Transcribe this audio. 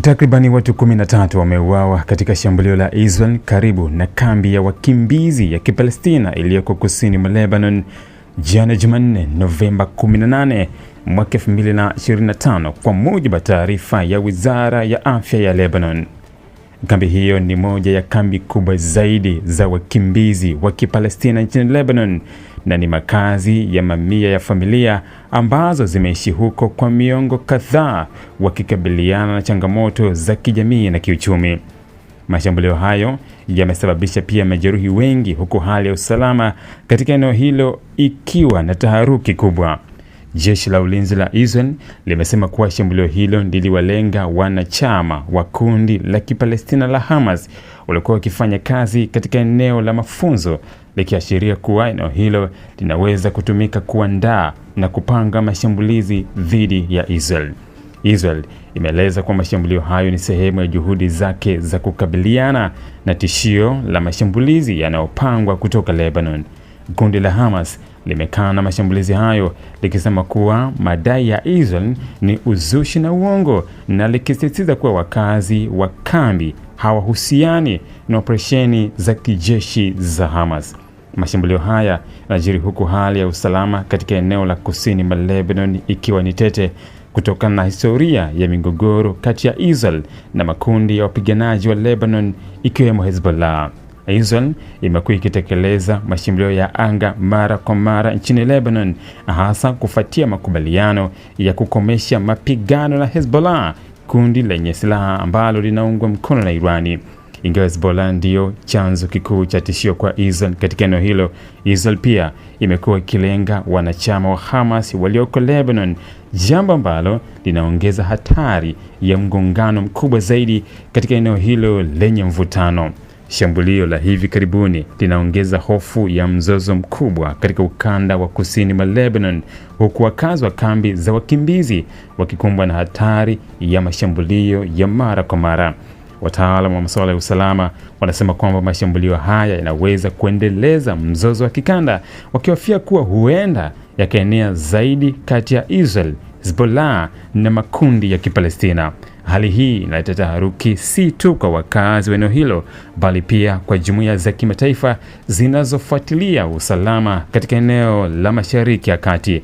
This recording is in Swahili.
Takribani watu 13 wameuawa katika shambulio la Israel karibu na kambi ya wakimbizi ya Kipalestina iliyoko kusini mwa Lebanon jana Jumanne, Novemba 18 mwaka 2025, kwa mujibu wa taarifa ya Wizara ya Afya ya Lebanon. Kambi hiyo ni moja ya kambi kubwa zaidi za wakimbizi wa Kipalestina nchini Lebanon na ni makazi ya mamia ya familia ambazo zimeishi huko kwa miongo kadhaa wakikabiliana na changamoto za kijamii na kiuchumi. Mashambulio hayo yamesababisha pia majeruhi wengi huku hali ya usalama katika eneo hilo ikiwa na taharuki kubwa. Jeshi la ulinzi la Israel limesema kuwa shambulio hilo liliwalenga wanachama wa kundi la Kipalestina la Hamas waliokuwa wakifanya kazi katika eneo la mafunzo, likiashiria kuwa eneo hilo linaweza kutumika kuandaa na kupanga mashambulizi dhidi ya Israel. Israel imeeleza kuwa mashambulio hayo ni sehemu ya juhudi zake za kukabiliana na tishio la mashambulizi yanayopangwa kutoka Lebanon. Kundi la Hamas limekana mashambulizi hayo likisema kuwa madai ya Israel ni uzushi na uongo na likisisitiza kuwa wakazi wa kambi hawahusiani na operesheni za kijeshi za Hamas. Mashambulio haya yanajiri huku hali ya usalama katika eneo la kusini mwa Lebanon ikiwa ni tete kutokana na historia ya migogoro kati ya Israel na makundi ya wapiganaji wa Lebanon ikiwemo Hezbollah israel imekuwa ikitekeleza mashambulio ya anga mara kwa mara nchini Lebanon, hasa kufuatia makubaliano ya kukomesha mapigano na Hezbollah, kundi lenye silaha ambalo linaungwa mkono na Irani. Ingawa Hezbollah ndiyo chanzo kikuu cha tishio kwa Israel katika eneo hilo, Israel pia imekuwa ikilenga wanachama wa Hamas walioko Lebanon, jambo ambalo linaongeza hatari ya mgongano mkubwa zaidi katika eneo hilo lenye mvutano. Shambulio la hivi karibuni linaongeza hofu ya mzozo mkubwa katika ukanda wa kusini mwa Lebanon, huku wakazi wa kambi za wakimbizi wakikumbwa na hatari ya mashambulio ya mara kwa mara. Wataalamu wa masuala ya usalama wanasema kwamba mashambulio haya yanaweza kuendeleza mzozo wa kikanda, wakihofia kuwa huenda yakaenea zaidi kati ya Israel Hezbollah na makundi ya Kipalestina. Hali hii inaleta taharuki si tu kwa wakazi wa eneo hilo, bali pia kwa jumuiya za kimataifa zinazofuatilia usalama katika eneo la Mashariki ya Kati.